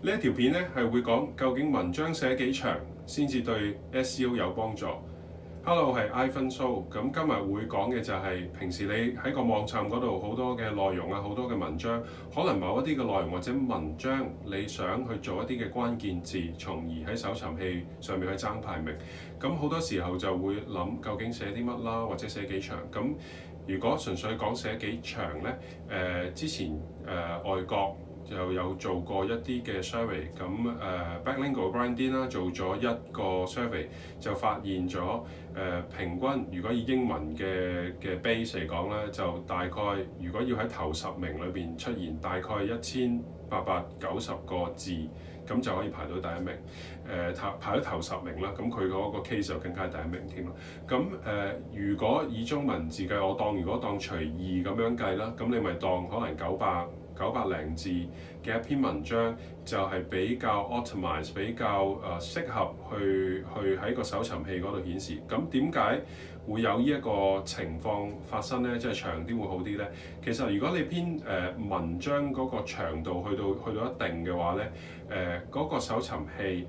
呢一條片咧係會講究竟文章寫幾長先至對 SEO 有幫助。Hello，係 Ivan So。咁今日會講嘅就係平時你喺個網站嗰度好多嘅內容啊，好多嘅文章，可能某一啲嘅內容或者文章你想去做一啲嘅關鍵字，從而喺搜尋器上面去爭排名。咁好多時候就會諗究竟寫啲乜啦，或者寫幾長。咁如果純粹講寫幾長呢？誒、呃、之前誒、呃、外國，又有做過一啲嘅 survey，咁誒、uh，Backlingo Brandin 啦做咗一個 survey，就發現咗誒、uh, 平均，如果以英文嘅嘅 base 嚟講咧，就大概如果要喺頭十名裏邊出現，大概一千八百九十個字咁就可以排到第一名，誒、呃、頭排到頭十名啦。咁佢嗰個 case 就更加係第一名添啦。咁誒、呃，如果以中文字計，我當如果當隨意咁樣計啦，咁你咪當可能九百九百零字嘅一篇文章就係比較 optimize，比較誒、呃、適合去去喺個搜尋器嗰度顯示。咁點解？會有呢一個情況發生呢，即係長啲會好啲呢。其實如果你編誒、呃、文章嗰個長度去到去到一定嘅話呢，誒、呃、嗰、嗰個搜尋器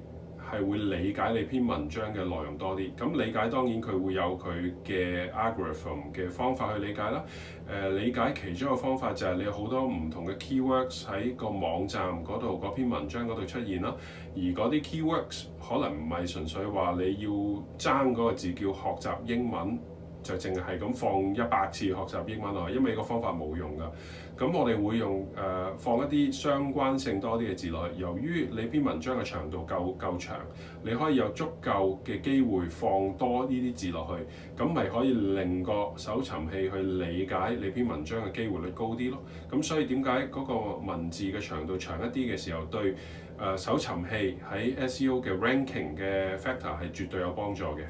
係會理解你篇文章嘅內容多啲，咁理解當然佢會有佢嘅 algorithm 嘅方法去理解啦。誒、呃，理解其中一個方法就係你有好多唔同嘅 keywords 喺個網站嗰度、嗰篇文章嗰度出現啦。而嗰啲 keywords 可能唔係純粹話你要爭嗰個字叫學習英文。就淨係咁放一百次學習英文落去，因為個方法冇用㗎。咁我哋會用誒、呃、放一啲相關性多啲嘅字落去。由於你篇文章嘅長度夠夠長，你可以有足夠嘅機會放多呢啲字落去，咁咪可以令個搜尋器去理解你篇文章嘅機會率高啲咯。咁所以點解嗰個文字嘅長度長一啲嘅時候，對誒、呃、搜尋器喺 S E O 嘅 ranking 嘅 factor 係絕對有幫助嘅。